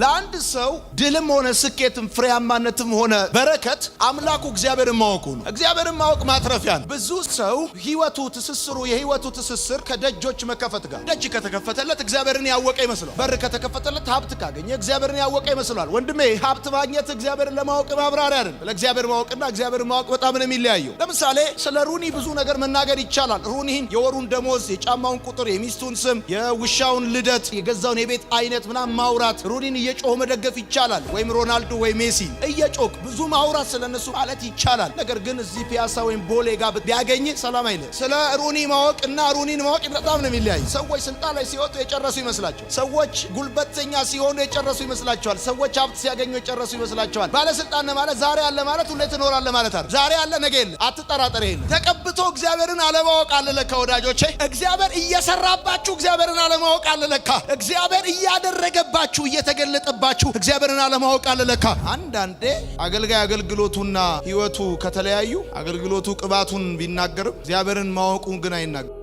ለአንድ ሰው ድልም ሆነ ስኬትም ፍሬያማነትም ሆነ በረከት አምላኩ እግዚአብሔርን ማወቁ ነው። እግዚአብሔርን ማወቅ ማትረፊያ ነው። ብዙ ሰው ህይወቱ ትስስሩ የህይወቱ ትስስር ከደጆች መከፈት ጋር ደጅ ከተከፈተለት እግዚአብሔርን ያወቀ ይመስለዋል። በር ከተከፈተለት ሀብት ካገኘ እግዚአብሔርን ያወቀ ይመስለዋል። ወንድሜ ሀብት ማግኘት እግዚአብሔርን ለማወቅ ማብራሪያ አይደለም። ለእግዚአብሔር ማወቅና እግዚአብሔርን ማወቅ በጣም ነው የሚለያየው። ለምሳሌ ስለ ሩኒ ብዙ ነገር መናገር ይቻላል። ሩኒን የወሩን ደሞዝ፣ የጫማውን ቁጥር፣ የሚስቱን ስም፣ የውሻውን ልደት፣ የገዛውን የቤት አይነት ምናምን ማውራት ሩኒን እየጮህ መደገፍ ይቻላል። ወይም ሮናልዶ ወይ ሜሲ እየጮክ ብዙ ማውራት ስለነሱ ማለት ይቻላል። ነገር ግን እዚህ ፒያሳ ወይም ቦሌ ጋር ቢያገኝ ሰላም አይለ። ስለ ሩኒ ማወቅ እና ሩኒን ማወቅ በጣም ነው የሚለያይ። ሰዎች ስልጣን ላይ ሲወጡ የጨረሱ ይመስላቸዋል። ሰዎች ጉልበተኛ ሲሆኑ የጨረሱ ይመስላቸዋል፣ ሰዎች ሀብት ሲያገኙ የጨረሱ ይመስላቸዋል። ባለስልጣን ማለት ዛሬ አለ ማለት ሁሌ ትኖራለህ ማለት አይደል። ዛሬ አለ ነገ የለ፣ አትጠራጠር። ይሄን ተቀብቶ እግዚአብሔርን አለማወቅ አለ ለካ ወዳጆቼ። እግዚአብሔር እየሰራባችሁ እግዚአብሔርን አለማወቅ አለ ለካ እግዚአብሔር እያደረገባችሁ እየተገለ የተገለጠባችሁ እግዚአብሔርን አለማወቅ አለለካ። አንዳንዴ አገልጋይ አገልግሎቱና ህይወቱ ከተለያዩ አገልግሎቱ ቅባቱን ቢናገርም እግዚአብሔርን ማወቁ ግን አይናገር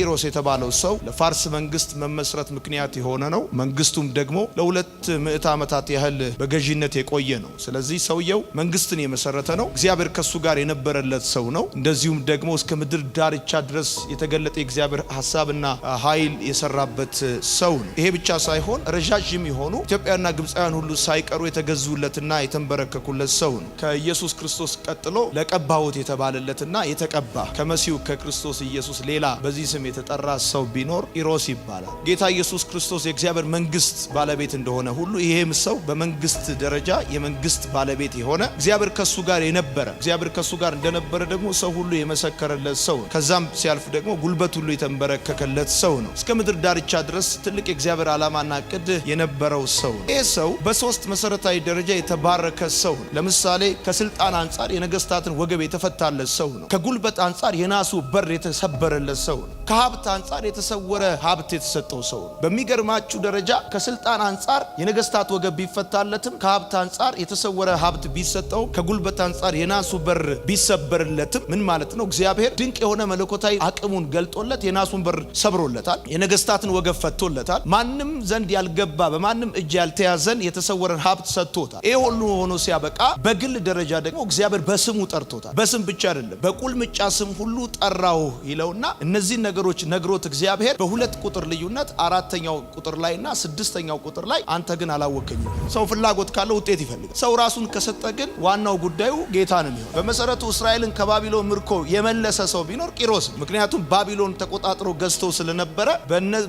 ቂሮስ የተባለው ሰው ለፋርስ መንግስት መመስረት ምክንያት የሆነ ነው። መንግስቱም ደግሞ ለሁለት ምዕት ዓመታት ያህል በገዥነት የቆየ ነው። ስለዚህ ሰውየው መንግስትን የመሰረተ ነው። እግዚአብሔር ከሱ ጋር የነበረለት ሰው ነው። እንደዚሁም ደግሞ እስከ ምድር ዳርቻ ድረስ የተገለጠ የእግዚአብሔር ሀሳብና ኃይል የሰራበት ሰው ነው። ይሄ ብቻ ሳይሆን ረዣዥም የሆኑ ኢትዮጵያና ግብፃውያን ሁሉ ሳይቀሩ የተገዙለትና የተንበረከኩለት ሰው ነው። ከኢየሱስ ክርስቶስ ቀጥሎ ለቀባሁት የተባለለትና የተቀባ ከመሲሁ ከክርስቶስ ኢየሱስ ሌላ በዚህ ስም ስም የተጠራ ሰው ቢኖር ኢሮስ ይባላል። ጌታ ኢየሱስ ክርስቶስ የእግዚአብሔር መንግስት ባለቤት እንደሆነ ሁሉ ይሄም ሰው በመንግስት ደረጃ የመንግስት ባለቤት የሆነ እግዚአብሔር ከሱ ጋር የነበረ እግዚአብሔር ከሱ ጋር እንደነበረ ደግሞ ሰው ሁሉ የመሰከረለት ሰው ነው። ከዛም ሲያልፍ ደግሞ ጉልበት ሁሉ የተንበረከከለት ሰው ነው። እስከ ምድር ዳርቻ ድረስ ትልቅ የእግዚአብሔር ዓላማና ቅድ የነበረው ሰው ነው። ይህ ሰው በሶስት መሰረታዊ ደረጃ የተባረከ ሰው ነው። ለምሳሌ ከስልጣን አንጻር የነገስታትን ወገብ የተፈታለት ሰው ነው። ከጉልበት አንጻር የናሱ በር የተሰበረለት ሰው ነው። ከሀብት አንጻር የተሰወረ ሀብት የተሰጠው ሰው ነው። በሚገርማችሁ ደረጃ ከስልጣን አንጻር የነገስታት ወገብ ቢፈታለትም ከሀብት አንጻር የተሰወረ ሀብት ቢሰጠው ከጉልበት አንጻር የናሱ በር ቢሰበርለትም ምን ማለት ነው? እግዚአብሔር ድንቅ የሆነ መለኮታዊ አቅሙን ገልጦለት የናሱን በር ሰብሮለታል። የነገስታትን ወገብ ፈቶለታል። ማንም ዘንድ ያልገባ በማንም እጅ ያልተያዘን የተሰወረን ሀብት ሰጥቶታል። ይህ ሁሉ ሆኖ ሲያበቃ በግል ደረጃ ደግሞ እግዚአብሔር በስሙ ጠርቶታል። በስም ብቻ አይደለም፣ በቁልምጫ ስም ሁሉ ጠራው ይለውና እነዚህን ነገሮች ነገሮች ነግሮት እግዚአብሔር በሁለት ቁጥር ልዩነት አራተኛው ቁጥር ላይ እና ስድስተኛው ቁጥር ላይ አንተ ግን አላወቀኝም። ሰው ፍላጎት ካለው ውጤት ይፈልጋል። ሰው ራሱን ከሰጠ ግን ዋናው ጉዳዩ ጌታ ነው የሚሆን። በመሰረቱ እስራኤልን ከባቢሎን ምርኮ የመለሰ ሰው ቢኖር ቂሮስ፣ ምክንያቱም ባቢሎን ተቆጣጥሮ ገዝቶ ስለነበረ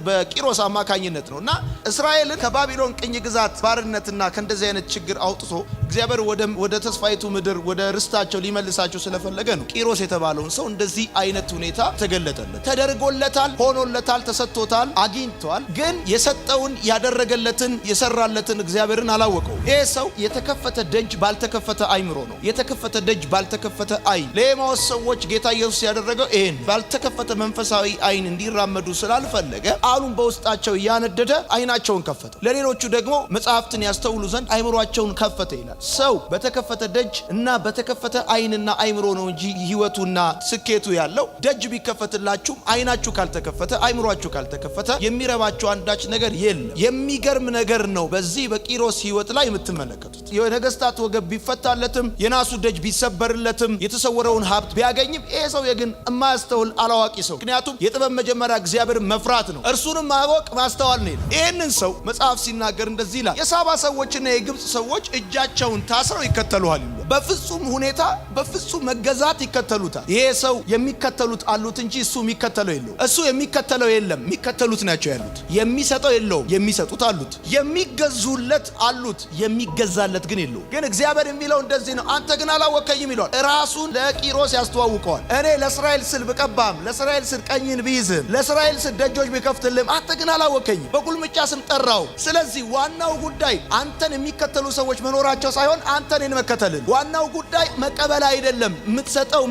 በቂሮስ አማካኝነት ነው እና እስራኤልን ከባቢሎን ቅኝ ግዛት ባርነትና ከእንደዚህ አይነት ችግር አውጥቶ እግዚአብሔር ወደ ተስፋይቱ ምድር ወደ ርስታቸው ሊመልሳቸው ስለፈለገ ነው ቂሮስ የተባለውን ሰው እንደዚህ አይነት ሁኔታ ተገለጠለት ተደርጎ ተደርጎለታል፣ ሆኖለታል፣ ተሰጥቶታል፣ አግኝቷል። ግን የሰጠውን ያደረገለትን የሰራለትን እግዚአብሔርን አላወቀው። ይህ ሰው የተከፈተ ደጅ ባልተከፈተ አይምሮ ነው። የተከፈተ ደጅ ባልተከፈተ አይን። ለኤማዎስ ሰዎች ጌታ ኢየሱስ ያደረገው ይህን ባልተከፈተ መንፈሳዊ አይን እንዲራመዱ ስላልፈለገ አሉን በውስጣቸው እያነደደ አይናቸውን ከፈተ። ለሌሎቹ ደግሞ መጽሐፍትን ያስተውሉ ዘንድ አይምሯቸውን ከፈተ ይላል። ሰው በተከፈተ ደጅ እና በተከፈተ አይንና አይምሮ ነው እንጂ ህይወቱና ስኬቱ ያለው ደጅ ቢከፈትላችሁም አይና አይናችሁ ካልተከፈተ አይምሯችሁ ካልተከፈተ የሚረባችሁ አንዳች ነገር የለም። የሚገርም ነገር ነው። በዚህ በቂሮስ ህይወት ላይ የምትመለከቱት የነገስታት ወገብ ቢፈታለትም የናሱ ደጅ ቢሰበርለትም የተሰወረውን ሀብት ቢያገኝም ይሄ ሰው ግን የማያስተውል አላዋቂ ሰው። ምክንያቱም የጥበብ መጀመሪያ እግዚአብሔር መፍራት ነው፣ እርሱንም ማወቅ ማስተዋል ነው። ይህንን ሰው መጽሐፍ ሲናገር እንደዚህ ይላል፣ የሳባ ሰዎችና የግብፅ ሰዎች እጃቸውን ታስረው ይከተሉሃል ይሉ በፍጹም ሁኔታ በፍጹም መገዛት ይከተሉታል። ይሄ ሰው የሚከተሉት አሉት እንጂ እሱ የሚከተለው የለው። እሱ የሚከተለው የለም፣ የሚከተሉት ናቸው ያሉት። የሚሰጠው የለውም፣ የሚሰጡት አሉት። የሚገዙለት አሉት፣ የሚገዛለት ግን የለው። ግን እግዚአብሔር የሚለው እንደዚህ ነው፣ አንተ ግን አላወከኝም ይለዋል። ራሱን ለቂሮስ ያስተዋውቀዋል። እኔ ለእስራኤል ስል ብቀባም፣ ለእስራኤል ስል ቀኝን ብይዝም፣ ለእስራኤል ስል ደጆች ቢከፍትልም፣ አንተ ግን አላወከኝም፣ በቁልምጫ ስም ጠራው። ስለዚህ ዋናው ጉዳይ አንተን የሚከተሉ ሰዎች መኖራቸው ሳይሆን አንተን መከተልን። ዋናው ጉዳይ መቀበል አይደለም፣ የምትሰጠው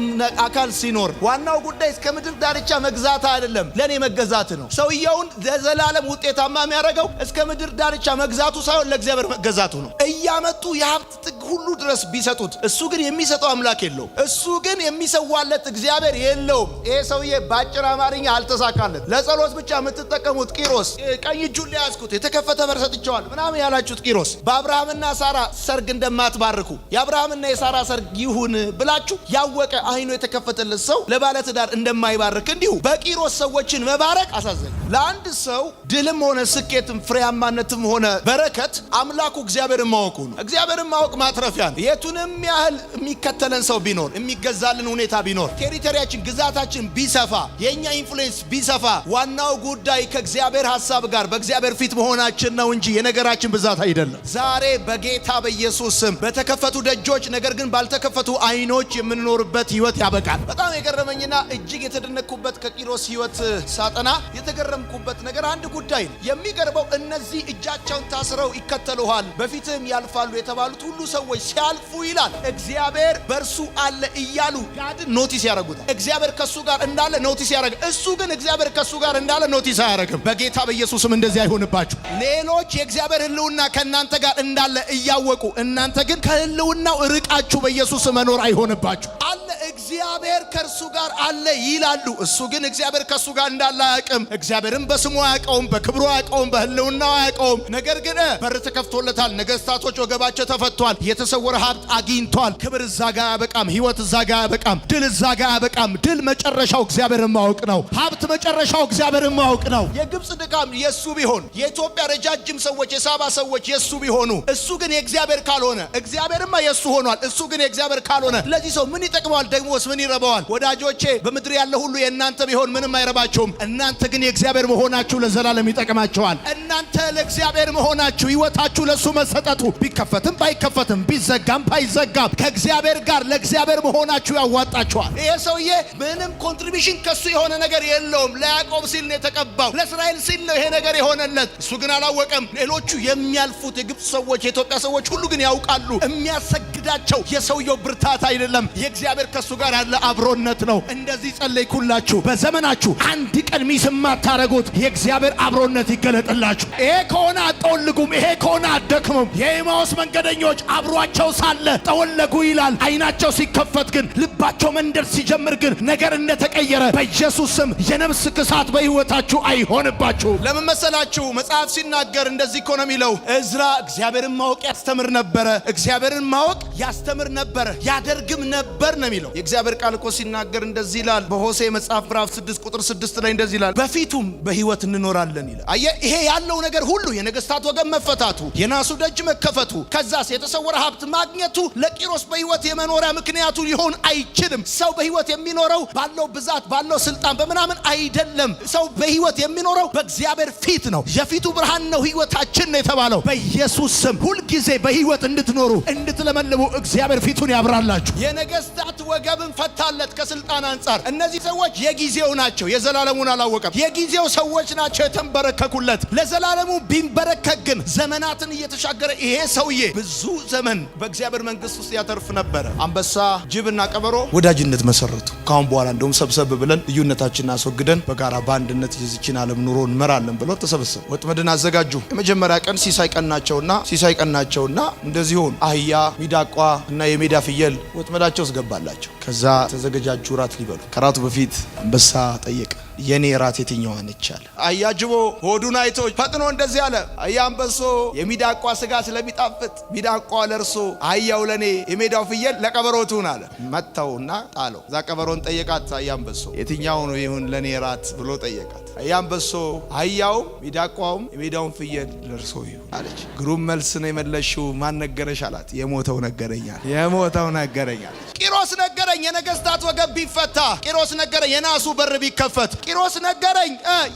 አካል ሲኖር። ዋናው ጉዳይ እስከ ምድር ዳርቻ መግዛት እርዳታ አይደለም፣ ለእኔ መገዛት ነው። ሰውየውን ለዘላለም ውጤታማ የሚያደርገው እስከ ምድር ዳርቻ መግዛቱ ሳይሆን ለእግዚአብሔር መገዛቱ ነው። እያመጡ የሀብት ጥግ ሁሉ ድረስ ቢሰጡት፣ እሱ ግን የሚሰጠው አምላክ የለውም። እሱ ግን የሚሰዋለት እግዚአብሔር የለውም። ይሄ ሰውዬ በአጭር አማርኛ አልተሳካለት። ለጸሎት ብቻ የምትጠቀሙት ቂሮስ፣ ቀኝ እጁን ሊያዝኩት የተከፈተ በር ሰጥቼዋለሁ ምናምን ያላችሁት ቂሮስ በአብርሃምና ሳራ ሰርግ እንደማትባርኩ የአብርሃምና የሳራ ሰርግ ይሁን ብላችሁ ያወቀ አይኑ የተከፈተለት ሰው ለባለትዳር እንደማይባርክ እንዲሁ በቂ የቂሮስ ሰዎችን መባረክ አሳዘኝ። ለአንድ ሰው ድልም ሆነ ስኬትም ፍሬያማነትም ሆነ በረከት አምላኩ እግዚአብሔርን ማወቁ ነው። እግዚአብሔርን ማወቅ ማትረፊያ ነው። የቱንም ያህል የሚከተለን ሰው ቢኖር፣ የሚገዛልን ሁኔታ ቢኖር፣ ቴሪቶሪያችን ግዛታችን ቢሰፋ፣ የእኛ ኢንፍሉዌንስ ቢሰፋ፣ ዋናው ጉዳይ ከእግዚአብሔር ሀሳብ ጋር በእግዚአብሔር ፊት መሆናችን ነው እንጂ የነገራችን ብዛት አይደለም። ዛሬ በጌታ በኢየሱስ ስም በተከፈቱ ደጆች ነገር ግን ባልተከፈቱ አይኖች የምንኖርበት ህይወት ያበቃል። በጣም የገረመኝና እጅግ የተደነቅኩበት ከቂሮ የጳውሎስ ሕይወት ሳጠና የተገረምኩበት ነገር አንድ ጉዳይ ነው። የሚገርመው እነዚህ እጃቸውን ታስረው ይከተሉሃል፣ በፊትም ያልፋሉ የተባሉት ሁሉ ሰዎች ሲያልፉ ይላል እግዚአብሔር በእርሱ አለ እያሉ ጋድን ኖቲስ ያደረጉታል። እግዚአብሔር ከእሱ ጋር እንዳለ ኖቲስ ያደረገ፣ እሱ ግን እግዚአብሔር ከእሱ ጋር እንዳለ ኖቲስ አያደረግም። በጌታ በኢየሱስም እንደዚህ አይሆንባችሁ። ሌሎች የእግዚአብሔር ህልውና ከእናንተ ጋር እንዳለ እያወቁ እናንተ ግን ከህልውናው ርቃችሁ በኢየሱስ መኖር አይሆንባችሁ አለ እግዚአብሔር ከእርሱ ጋር አለ ይላሉ። እሱ ግን እግዚአብሔር ከእሱ ጋር እንዳለ አያውቅም። እግዚአብሔርም በስሙ አያውቀውም፣ በክብሩ አያውቀውም፣ በህልውናው አያውቀውም። ነገር ግን በር ተከፍቶለታል። ነገስታቶች ወገባቸው ተፈቷል። የተሰወረ ሀብት አግኝቷል። ክብር እዛ ጋር አያበቃም። ህይወት እዛ ጋር አያበቃም። ድል እዛ ጋር አያበቃም። ድል መጨረሻው እግዚአብሔርን ማወቅ ነው። ሀብት መጨረሻው እግዚአብሔርን ማወቅ ነው። የግብፅ ድካም የእሱ ቢሆን፣ የኢትዮጵያ ረጃጅም ሰዎች፣ የሳባ ሰዎች የእሱ ቢሆኑ፣ እሱ ግን የእግዚአብሔር ካልሆነ፣ እግዚአብሔርማ የእሱ ሆኗል። እሱ ግን የእግዚአብሔር ካልሆነ ለዚህ ሰው ምን ይጠቅመዋል ደግሞ ክርስቶስ ምን ይረባዋል? ወዳጆቼ በምድር ያለ ሁሉ የእናንተ ቢሆን ምንም አይረባችሁም። እናንተ ግን የእግዚአብሔር መሆናችሁ ለዘላለም ይጠቅማችኋል። እናንተ ለእግዚአብሔር መሆናችሁ ሕይወታችሁ ለእሱ መሰጠቱ ቢከፈትም ባይከፈትም ቢዘጋም ባይዘጋም ከእግዚአብሔር ጋር ለእግዚአብሔር መሆናችሁ ያዋጣችኋል። ይሄ ሰውዬ ምንም ኮንትሪቢሽን ከሱ የሆነ ነገር የለውም። ለያዕቆብ ሲል ነው የተቀባው፣ ለእስራኤል ሲል ነው ይሄ ነገር የሆነለት። እሱ ግን አላወቀም። ሌሎቹ የሚያልፉት የግብፅ ሰዎች፣ የኢትዮጵያ ሰዎች ሁሉ ግን ያውቃሉ የሚያሰጋ የሚወልዳቸው የሰውየው ብርታት አይደለም። የእግዚአብሔር ከሱ ጋር ያለ አብሮነት ነው። እንደዚህ ጸለይኩላችሁ። በዘመናችሁ አንድ ቀን ሚስ የማታረጉት የእግዚአብሔር አብሮነት ይገለጥላችሁ። ይሄ ከሆነ አጠወልጉም፣ ይሄ ከሆነ አደክሙም። የኤማውስ መንገደኞች አብሯቸው ሳለ ጠወለጉ ይላል። አይናቸው ሲከፈት ግን ልባቸው መንደር ሲጀምር ግን ነገር እንደተቀየረ በኢየሱስ ስም የነብስ ክሳት በሕይወታችሁ አይሆንባችሁ። ለምን መሰላችሁ? መጽሐፍ ሲናገር እንደዚህ እኮ ነው የሚለው። እዝራ እግዚአብሔርን ማወቅ ያስተምር ነበረ። እግዚአብሔርን ማወቅ ያስተምር ነበር፣ ያደርግም ነበር ነው የሚለው። የእግዚአብሔር ቃል እኮ ሲናገር እንደዚህ ይላል። በሆሴ መጽሐፍ ምዕራፍ 6 ቁጥር 6 ላይ እንደዚህ ይላል፣ በፊቱም በህይወት እንኖራለን ይላል። አየ ይሄ ያለው ነገር ሁሉ የነገስታት ወገን መፈታቱ፣ የናሱ ደጅ መከፈቱ፣ ከዛስ የተሰወረ ሀብት ማግኘቱ ለቂሮስ በህይወት የመኖሪያ ምክንያቱ ሊሆን አይችልም። ሰው በህይወት የሚኖረው ባለው ብዛት ባለው ስልጣን በምናምን አይደለም። ሰው በህይወት የሚኖረው በእግዚአብሔር ፊት ነው። የፊቱ ብርሃን ነው ህይወታችን ነው የተባለው። በኢየሱስ ስም ሁልጊዜ በህይወት እንድትኖሩ እንድትለመልሙ እግዚአብሔር ፊቱን ያብራላችሁ። የነገስታት ወገብን ፈታለት ከስልጣን አንጻር። እነዚህ ሰዎች የጊዜው ናቸው፣ የዘላለሙን አላወቀም። የጊዜው ሰዎች ናቸው የተንበረከኩለት። ለዘላለሙ ቢንበረከክ ግን ዘመናትን እየተሻገረ ይሄ ሰውዬ ብዙ ዘመን በእግዚአብሔር መንግስት ውስጥ ያተርፍ ነበረ። አንበሳ፣ ጅብና ቀበሮ ወዳጅነት መሰረቱ። ካሁን በኋላ እንደውም ሰብሰብ ብለን ልዩነታችንን አስወግደን በጋራ በአንድነት የዚችን ዓለም ኑሮ እንመራለን ብለው ተሰበሰቡ። ወጥመድን አዘጋጁ። የመጀመሪያ ቀን ሲሳይ ቀናቸውና ሲሳይ ቀናቸውና እንደዚህ ሆኑ። አህያ ሚዳ ሚዳቋ እና የሜዳ ፍየል ወጥመዳቸው አስገባላቸው። ከዛ ተዘገጃጁ ራት ሊበሉ። ከራቱ በፊት አንበሳ ጠየቀ፣ የኔ ራት የትኛዋ ነች አለ። አያጅቦ ሆዱን አይቶ ፈጥኖ እንደዚህ አለ፣ አያ አንበሶ፣ የሚዳቋ ስጋ ስለሚጣፍጥ ሚዳቋ ለእርሶ፣ አህያው ለእኔ፣ የሜዳው ፍየል ለቀበሮቱን አለ። መታውና ጣለው። እዛ ቀበሮን ጠየቃት፣ አያ አንበሶ፣ የትኛው ነው ይሁን ለእኔ ራት ብሎ ጠየቃት። አያ አንበሶ፣ አህያውም ሚዳቋውም የሜዳውን ፍየል ለእርሶ ይሁን አለች። ግሩም መልስ ነው የመለሽው። ማን ነገረሽ አላት። የሞተው ነገር ነገረኛል። የሞተው ነገረኛል። ቂሮስ ነገረኝ የነገስታት ወገብ ቢፈታ፣ ቂሮስ ነገረኝ የናሱ በር ቢከፈት፣ ቂሮስ ነገረኝ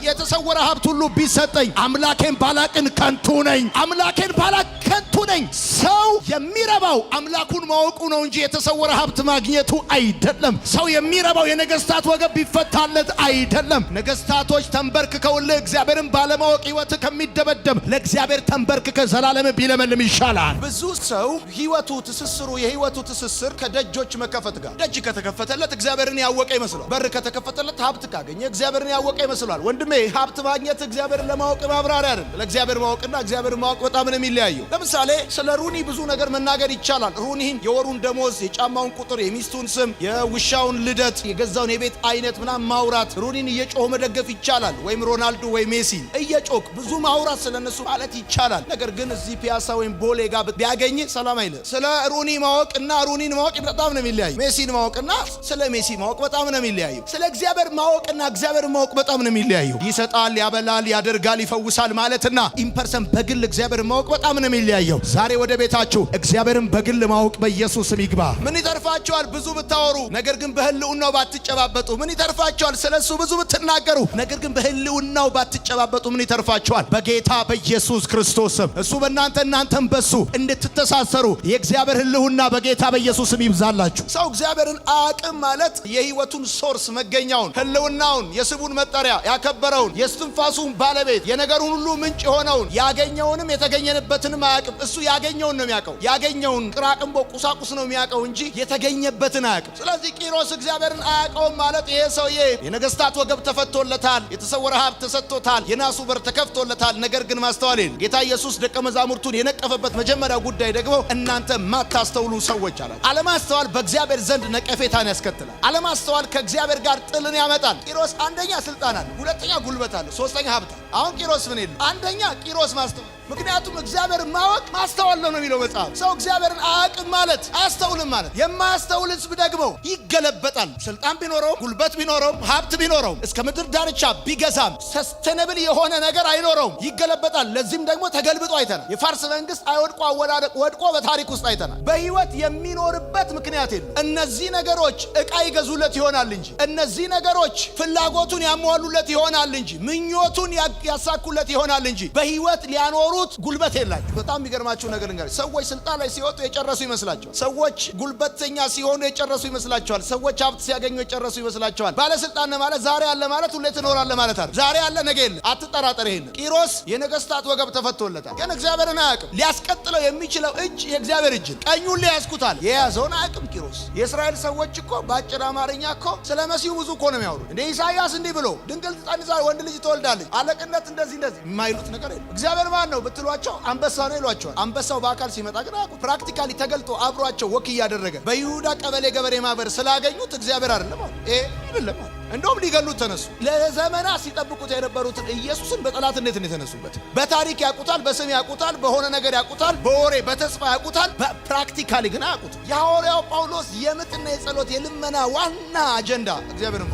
የተሰወረ ሀብት ሁሉ ቢሰጠኝ፣ አምላኬን ባላቅን ከንቱ ነኝ። አምላኬን ባላቅ ከንቱ ነኝ። ሰው የሚረባው አምላኩን ማወቁ ነው እንጂ የተሰወረ ሀብት ማግኘቱ አይደለም። ሰው የሚረባው የነገስታት ወገብ ቢፈታለት አይደለም። ነገስታቶች ተንበርክከውልህ እግዚአብሔርን ባለማወቅ ህይወት ከሚደበደብ ለእግዚአብሔር ተንበርክከ ዘላለም ቢለመልም ይሻላል። ብዙ ሰው ህይወቱ ትስስሩ የህይወቱ ትስስር ከደጆች መከፈት ጋር ደጅ ከተከፈተለት እግዚአብሔርን ያወቀ ይመስለዋል። በር ከተከፈተለት ሀብት ካገኘ እግዚአብሔርን ያወቀ ይመስለዋል። ወንድሜ ሀብት ማግኘት እግዚአብሔርን ለማወቅ ማብራሪያ አይደለም። ለእግዚአብሔር ማወቅና እግዚአብሔርን ማወቅ በጣም ነው የሚለያየው። ለምሳሌ ስለ ሩኒ ብዙ ነገር መናገር ይቻላል። ሩኒን የወሩን ደሞዝ፣ የጫማውን ቁጥር፣ የሚስቱን ስም፣ የውሻውን ልደት፣ የገዛውን የቤት አይነት ምናምን ማውራት፣ ሩኒን እየጮህ መደገፍ ይቻላል። ወይም ሮናልዶ ወይ ሜሲ እየጮክ ብዙ ማውራት ስለነሱ ማለት ይቻላል። ነገር ግን እዚህ ፒያሳ ወይም ቦሌ ጋር ቢያገኝ ሰላም አይለ ስለ ሩኒ ማወቅ እና ሩኒን ማወቅ በጣም ነው የሚለያዩ። ሜሲን ማወቅና ስለ ሜሲ ማወቅ በጣም ነው የሚለያዩ። ስለ እግዚአብሔር ማወቅና እግዚአብሔር ማወቅ በጣም ነው የሚለያዩ። ይሰጣል፣ ያበላል፣ ያደርጋል፣ ይፈውሳል ማለትና ኢምፐርሰን በግል እግዚአብሔር ማወቅ በጣም ነው የሚለያየው። ዛሬ ወደ ቤታችሁ እግዚአብሔርን በግል ማወቅ በኢየሱስ ስም ይግባ። ምን ይተርፋችኋል ብዙ ብታወሩ፣ ነገር ግን በህልውናው ባትጨባበጡ? ምን ይተርፋችኋል ስለ እሱ ብዙ ብትናገሩ፣ ነገር ግን በህልውናው ባትጨባበጡ ምን ይተርፋችኋል? በጌታ በኢየሱስ ክርስቶስ ስም እሱ በእናንተ እናንተም በሱ እንድትተሳሰሩ የእግዚአብሔር ህልውና በጌታ በኢየሱስ ስም ይብዛላችሁ። ሰው እግዚአብሔርን አቅም ማለት የህይወቱን ሶርስ መገኛውን ህልውናውን የስቡን መጠሪያ ያከበረውን የስትንፋሱን ባለቤት የነገሩን ሁሉ ምንጭ የሆነውን ያገኘውንም የተገኘንበትንም አያውቅም። እሱ ያገኘውን ነው የሚያውቀው። ያገኘውን ጥራቅንቦ ቁሳቁስ ነው የሚያውቀው እንጂ የተገኘበትን አያውቅም። ስለዚህ ቂሮስ እግዚአብሔርን አያውቀውም ማለት ይሄ ሰውዬ የነገስታት ወገብ ተፈቶለታል፣ የተሰወረ ሀብት ተሰጥቶታል፣ የናሱ በር ተከፍቶለታል። ነገር ግን ማስተዋል የለም። ጌታ ኢየሱስ ደቀ መዛሙርቱን የነቀፈበት መጀመሪያ ጉዳይ ደግሞ እናንተ ማታስተውሉ ሰዎች አላል። አለማስተዋል በእግዚአብሔር ዘንድ ነቀፌታን ያስከትላል። አለማስተዋል ከእግዚአብሔር ጋር ጥልን ያመጣል። ቂሮስ አንደኛ ስልጣን አለ፣ ሁለተኛ ጉልበት አለ፣ ሶስተኛ ሀብት አለ። አሁን ቂሮስ ምን የለ? አንደኛ ቂሮስ ማስተዋል ምክንያቱም እግዚአብሔር ማወቅ ማስተዋል ነው የሚለው መጽሐፍ። ሰው እግዚአብሔርን አያውቅም ማለት አያስተውልም ማለት። የማያስተውል ህዝብ ደግሞ ይገለበጣል። ስልጣን ቢኖረውም ጉልበት ቢኖረውም ሀብት ቢኖረውም እስከ ምድር ዳርቻ ቢገዛም ሰስተነብል የሆነ ነገር አይኖረውም፣ ይገለበጣል። ለዚህም ደግሞ ተገልብጦ አይተናል። የፋርስ መንግስት አይወድቆ አወዳደቅ ወድቆ በታሪክ ውስጥ አይተናል። በህይወት የሚኖርበት ምክንያት የለም። እነዚህ ነገሮች እቃ ይገዙለት ይሆናል እንጂ እነዚህ ነገሮች ፍላጎቱን ያሟሉለት ይሆናል እንጂ ምኞቱን ያሳኩለት ይሆናል እንጂ በህይወት ሊያኖሩ የምትኖሩት ጉልበት የላቸው በጣም የሚገርማችሁ ነገር ልንገር፣ ሰዎች ስልጣን ላይ ሲወጡ የጨረሱ ይመስላቸዋል። ሰዎች ጉልበተኛ ሲሆኑ የጨረሱ ይመስላቸዋል። ሰዎች ሀብት ሲያገኙ የጨረሱ ይመስላቸዋል። ባለስልጣን ማለት ዛሬ አለ ማለት ሁሌ ትኖራለህ ማለት አለ። ዛሬ አለ ነገ የለ፣ አትጠራጠር። ይሄን ቂሮስ የነገስታት ወገብ ተፈቶለታል፣ ግን እግዚአብሔርን አያውቅም። ሊያስቀጥለው የሚችለው እጅ የእግዚአብሔር እጅ ቀኙን ሊያስኩታል፣ የያዘውን አያውቅም ቂሮስ። የእስራኤል ሰዎች እኮ በአጭር አማርኛ እኮ ስለ መሲሁ ብዙ እኮ ነው የሚያወሩት። እንደ ኢሳያስ እንዲህ ብሎ ድንግል ትጸንሳለች፣ ወንድ ልጅ ትወልዳለች፣ አለቅነት እንደዚህ እንደዚህ የማይሉት ነገር የለም። እግዚአብሔር ማን ነው? ብትሏቸው አንበሳ ነው ይሏቸዋል። አንበሳው በአካል ሲመጣ ግን አያውቁም። ፕራክቲካሊ ተገልጦ አብሯቸው ወክ እያደረገ በይሁዳ ቀበሌ ገበሬ ማህበር ስላገኙት እግዚአብሔር አይደለም ይሄ አይደለም እንደውም ሊገሉት ተነሱ። ለዘመናት ሲጠብቁት የነበሩትን ኢየሱስን በጠላትነት ነው የተነሱበት። በታሪክ ያቁታል፣ በስም ያቁታል፣ በሆነ ነገር ያቁታል፣ በወሬ በተስፋ ያቁታል፣ በፕራክቲካሊ ግን አያቁት። የሐዋርያው ጳውሎስ የምጥና የጸሎት የልመና ዋና አጀንዳ እግዚአብሔር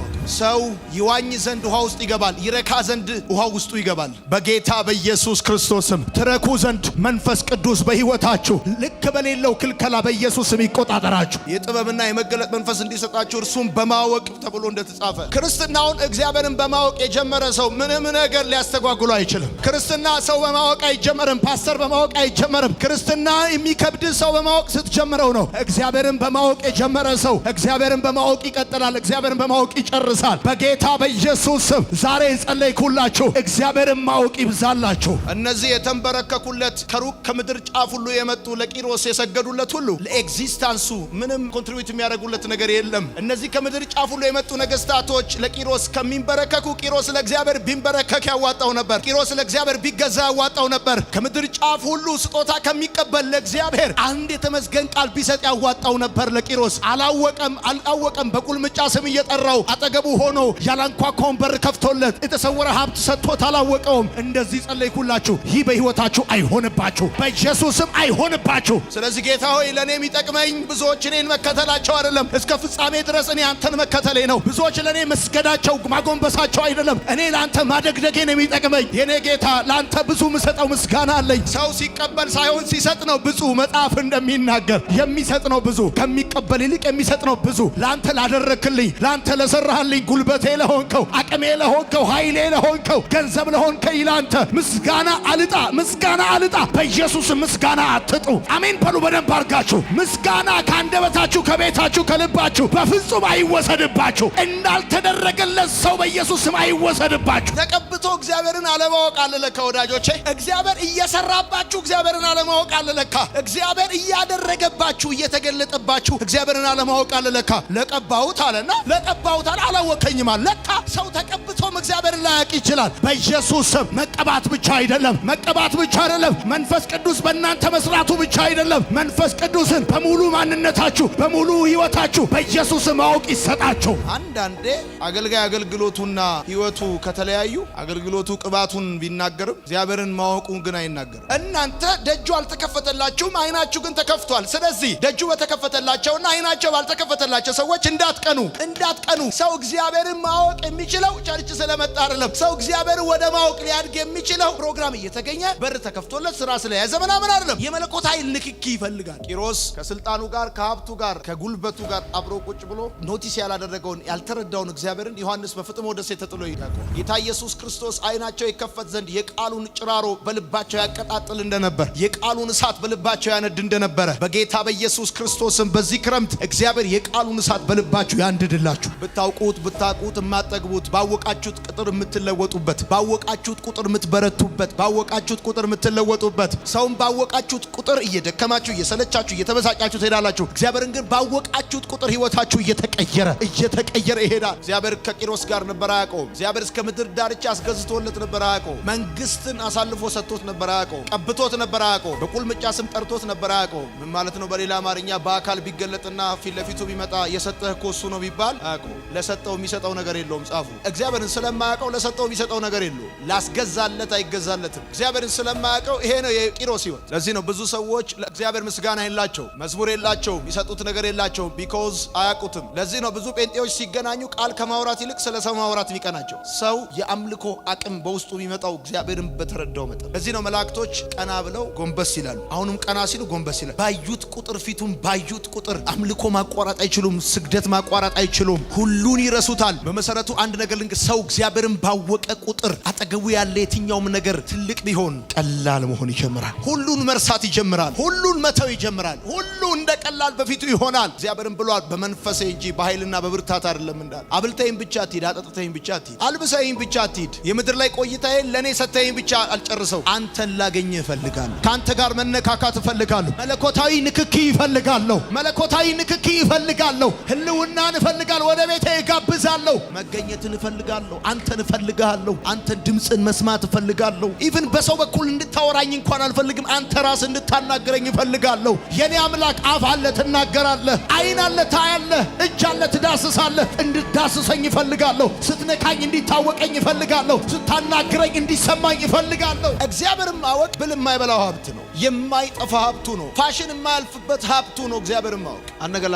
ሰው ይዋኝ ዘንድ ውሃ ውስጥ ይገባል፣ ይረካ ዘንድ ውሃ ውስጡ ይገባል። በጌታ በኢየሱስ ክርስቶስም ትረኩ ዘንድ መንፈስ ቅዱስ በሕይወታችሁ ልክ በሌለው ክልከላ በኢየሱስም ይቆጣጠራችሁ። የጥበብና የመገለጥ መንፈስ እንዲሰጣችሁ እርሱም በማወቅ ተብሎ እንደተጻፈ ክርስትናውን እግዚአብሔርን በማወቅ የጀመረ ሰው ምንም ነገር ሊያስተጓጉሉ አይችልም። ክርስትና ሰው በማወቅ አይጀመርም። ፓስተር በማወቅ አይጀመርም። ክርስትና የሚከብድ ሰው በማወቅ ስትጀምረው ነው። እግዚአብሔርን በማወቅ የጀመረ ሰው እግዚአብሔርን በማወቅ ይቀጥላል። እግዚአብሔርን በማወቅ ይጨርሳል። በጌታ በኢየሱስ ስም ዛሬ የጸለይኩላችሁ እግዚአብሔርን ማወቅ ይብዛላችሁ። እነዚህ የተንበረከኩለት ከሩቅ ከምድር ጫፍ ሁሉ የመጡ ለቂሮስ የሰገዱለት ሁሉ ለኤግዚስታንሱ ምንም ኮንትሪቢዩት የሚያደርጉለት ነገር የለም። እነዚህ ከምድር ጫፍ ሁሉ የመጡ ነገስታቱ ሴቶች ለቂሮስ ከሚንበረከኩ ቂሮስ ለእግዚአብሔር ቢንበረከክ ያዋጣው ነበር። ቂሮስ ለእግዚአብሔር ቢገዛ ያዋጣው ነበር። ከምድር ጫፍ ሁሉ ስጦታ ከሚቀበል ለእግዚአብሔር አንድ የተመስገን ቃል ቢሰጥ ያዋጣው ነበር። ለቂሮስ አላወቀም፣ አልታወቀም። በቁልምጫ ስም እየጠራው አጠገቡ ሆኖ ያላንኳኳውን በር ከፍቶለት የተሰወረ ሀብት ሰጥቶት አላወቀውም። እንደዚህ ጸለይኩላችሁ፣ ይህ በሕይወታችሁ አይሆንባችሁ፣ በኢየሱስም አይሆንባችሁ። ስለዚህ ጌታ ሆይ ለእኔ የሚጠቅመኝ ብዙዎች እኔን መከተላቸው አይደለም፣ እስከ ፍጻሜ ድረስ እኔ አንተን መከተሌ ነው። ብዙዎች ለእኔ መስገዳቸው ማጎንበሳቸው አይደለም። እኔ ለአንተ ማደግደጌ ነው የሚጠቅመኝ። የኔ ጌታ ለአንተ ብዙ ምሰጠው ምስጋና አለኝ። ሰው ሲቀበል ሳይሆን ሲሰጥ ነው ብዙ መጽሐፍ እንደሚናገር የሚሰጥ ነው ብዙ ከሚቀበል ይልቅ የሚሰጥ ነው ብዙ። ለአንተ ላደረክልኝ፣ ለአንተ ለሰራህልኝ፣ ጉልበቴ ለሆንከው፣ አቅሜ ለሆንከው፣ ኃይሌ ለሆንከው፣ ገንዘብ ለሆንከኝ ለአንተ ምስጋና አልጣ፣ ምስጋና አልጣ። በኢየሱስ ምስጋና አትጡ። አሜን በሉ በደንብ አድርጋችሁ። ምስጋና ከአንደበታችሁ ከቤታችሁ ከልባችሁ በፍጹም አይወሰድባችሁ እንዳል ያልተደረገለት ሰው በኢየሱስ ስም አይወሰድባችሁ። ተቀብቶ እግዚአብሔርን አለማወቅ አለለካ። ወዳጆቼ እግዚአብሔር እየሰራባችሁ እግዚአብሔርን አለማወቅ አለለካ። እግዚአብሔር እያደረገባችሁ እየተገለጠባችሁ እግዚአብሔርን አለማወቅ አለለካ። ለቀባሁት አለና ለቀባሁት አለ አላወከኝም አለ። ለካ ሰው ተቀብቶም እግዚአብሔርን ላያቅ ይችላል። በኢየሱስ ስም መቀባት ብቻ አይደለም፣ መቀባት ብቻ አይደለም፣ መንፈስ ቅዱስ በእናንተ መስራቱ ብቻ አይደለም። መንፈስ ቅዱስን በሙሉ ማንነታችሁ በሙሉ ህይወታችሁ በኢየሱስ ስም ማወቅ ይሰጣችሁ። አንዳንዴ አገልጋይ አገልግሎቱና ህይወቱ ከተለያዩ አገልግሎቱ ቅባቱን ቢናገርም እግዚአብሔርን ማወቁ ግን አይናገርም። እናንተ ደጁ አልተከፈተላችሁም፣ አይናችሁ ግን ተከፍቷል። ስለዚህ ደጁ በተከፈተላቸውና አይናቸው ባልተከፈተላቸው ሰዎች እንዳትቀኑ እንዳትቀኑ። ሰው እግዚአብሔርን ማወቅ የሚችለው ቸርች ስለመጣ አይደለም። ሰው እግዚአብሔርን ወደ ማወቅ ሊያድግ የሚችለው ፕሮግራም እየተገኘ በር ተከፍቶለት ስራ ስለያዘ ምናምን አይደለም። የመለኮት ኃይል ንክኪ ይፈልጋል። ቂሮስ ከስልጣኑ ጋር ከሀብቱ ጋር ከጉልበቱ ጋር አብሮ ቁጭ ብሎ ኖቲስ ያላደረገውን ያልተረዳውን እግዚአብሔርን ዮሐንስ በፍጥሞ ደሴት ተጥሎ ይላቀው ጌታ ኢየሱስ ክርስቶስ አይናቸው ይከፈት ዘንድ የቃሉን ጭራሮ በልባቸው ያቀጣጥል እንደነበር የቃሉን እሳት በልባቸው ያነድ እንደነበረ በጌታ በኢየሱስ ክርስቶስም በዚህ ክረምት እግዚአብሔር የቃሉን እሳት በልባችሁ ያንድድላችሁ። ብታውቁት ብታቁት የማጠግቡት ባወቃችሁት ቁጥር የምትለወጡበት ባወቃችሁት ቁጥር የምትበረቱበት ባወቃችሁት ቁጥር የምትለወጡበት ሰውን ባወቃችሁት ቁጥር እየደከማችሁ እየሰለቻችሁ እየተበሳጫችሁ ትሄዳላችሁ። እግዚአብሔርን ግን ባወቃችሁት ቁጥር ህይወታችሁ እየተቀየረ እየተቀየረ ይሄዳል። እግዚአብሔር ከቂሮስ ጋር ነበር አያውቀውም። እግዚአብሔር እስከ ምድር ዳርቻ አስገዝቶለት ነበር አያውቀውም። መንግስትን አሳልፎ ሰጥቶት ነበር አያውቀውም። ቀብቶት ነበር አያውቀውም። በቁልምጫ ስም ጠርቶት ነበር አያውቀውም። ምን ማለት ነው? በሌላ አማርኛ በአካል ቢገለጥና ፊት ለፊቱ ቢመጣ የሰጠህ እኮ እሱ ነው ቢባል አያውቀውም። ለሰጠው የሚሰጠው ነገር የለውም። ጻፉ። እግዚአብሔርን ስለማያውቀው ለሰጠው የሚሰጠው ነገር የለውም። ላስገዛለት አይገዛለትም። እግዚአብሔርን ስለማያውቀው ይሄ ነው የቂሮስ ህይወት። ለዚህ ነው ብዙ ሰዎች ለእግዚአብሔር ምስጋና የላቸው፣ መዝሙር የላቸው የሚሰጡት ነገር የላቸውም። ቢኮዝ አያውቁትም። ለዚህ ነው ብዙ ጴንጤዎች ሲገናኙ ቃል ቃል ከማውራት ይልቅ ስለ ሰው ማውራት የሚቀናቸው ሰው የአምልኮ አቅም በውስጡ የሚመጣው እግዚአብሔርን በተረዳው መጠን። ለዚህ ነው መላእክቶች ቀና ብለው ጎንበስ ይላሉ። አሁንም ቀና ሲሉ ጎንበስ ይላሉ። ባዩት ቁጥር ፊቱን ባዩት ቁጥር አምልኮ ማቋረጥ አይችሉም። ስግደት ማቋረጥ አይችሉም። ሁሉን ይረሱታል። በመሰረቱ አንድ ነገር ልንግ ሰው እግዚአብሔርን ባወቀ ቁጥር አጠገቡ ያለ የትኛውም ነገር ትልቅ ቢሆን ቀላል መሆን ይጀምራል። ሁሉን መርሳት ይጀምራል። ሁሉን መተው ይጀምራል። ሁሉ እንደ ቀላል በፊቱ ይሆናል። እግዚአብሔርን ብሏል፣ በመንፈሴ እንጂ በኃይልና በብርታት አይደለም እንዳል አብልተይም ብቻ አትሂድ፣ አጠጥተይም ብቻ አትሂድ፣ አልብሰይም ብቻ አትሂድ። የምድር ላይ ቆይታዬን ለእኔ ሰተይም ብቻ አልጨርሰው። አንተን ላገኘ እፈልጋለሁ። ከአንተ ጋር መነካካት እፈልጋለሁ። መለኮታዊ ንክኪ ይፈልጋለሁ። መለኮታዊ ንክኪ ይፈልጋለሁ። ህልውናን እፈልጋለሁ። ወደ ቤቴ እጋብዛለሁ። መገኘትን እፈልጋለሁ። አንተን እፈልጋለሁ። አንተን ድምፅን መስማት እፈልጋለሁ። ኢቭን በሰው በኩል እንድታወራኝ እንኳን አልፈልግም። አንተ ራስ እንድታናገረኝ እፈልጋለሁ። የኔ አምላክ አፍ አለ፣ ትናገራለህ። አይን አለ፣ ታያለህ። እጅ አለ፣ ትዳስሳለህ። እንድታ እንድታስሰኝ ይፈልጋለሁ። ስትነካኝ እንዲታወቀኝ ይፈልጋለሁ። ስታናግረኝ እንዲሰማኝ ይፈልጋለሁ። እግዚአብሔር ማወቅ ብል የማይበላው ሀብት ነው። የማይጠፋ ሀብቱ ነው። ፋሽን የማያልፍበት ሀብቱ ነው። እግዚአብሔር ማወቅ አነገር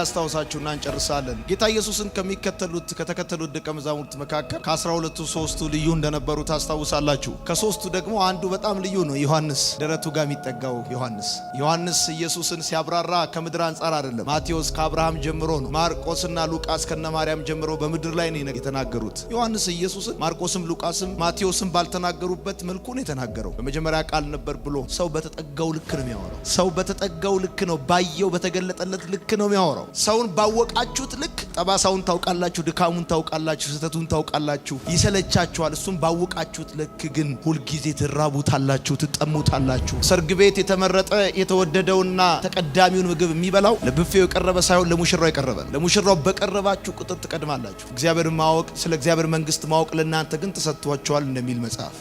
እና እንጨርሳለን። ጌታ ኢየሱስን ከሚከተሉት ከተከተሉት ደቀ መዛሙርት መካከል ከአስራ ሁለቱ ሶስቱ ልዩ እንደነበሩ ታስታውሳላችሁ። ከሶስቱ ደግሞ አንዱ በጣም ልዩ ነው። ዮሐንስ ደረቱ ጋር የሚጠጋው ዮሐንስ ዮሐንስ ኢየሱስን ሲያብራራ ከምድር አንጻር አይደለም። ማቴዎስ ከአብርሃም ጀምሮ ነው። ማርቆስና ሉቃስ ከነ ማርያም ጀምሮ በምድር በምድር ላይ ነው የተናገሩት። ዮሐንስ ኢየሱስን፣ ማርቆስም፣ ሉቃስም ማቴዎስም ባልተናገሩበት መልኩ ነው የተናገረው። በመጀመሪያ ቃል ነበር ብሎ ሰው በተጠጋው ልክ ነው የሚያወራው። ሰው በተጠጋው ልክ ነው፣ ባየው በተገለጠለት ልክ ነው የሚያወራው። ሰውን ባወቃችሁት ልክ ጠባሳውን ታውቃላችሁ፣ ድካሙን ታውቃላችሁ፣ ስህተቱን ታውቃላችሁ፣ ይሰለቻችኋል። እሱም ባወቃችሁት ልክ ግን ሁልጊዜ ትራቡታላችሁ፣ ትጠሙታላችሁ። ሰርግ ቤት የተመረጠ የተወደደውና ተቀዳሚውን ምግብ የሚበላው ለብፌው የቀረበ ሳይሆን ለሙሽራው የቀረበ ለሙሽራው በቀረባችሁ ቁጥር ትቀድማላችሁ። እግዚአብሔር ማወቅ ስለ እግዚአብሔር መንግስት ማወቅ ለእናንተ ግን ተሰጥቷቸዋል እንደሚል መጽሐፍ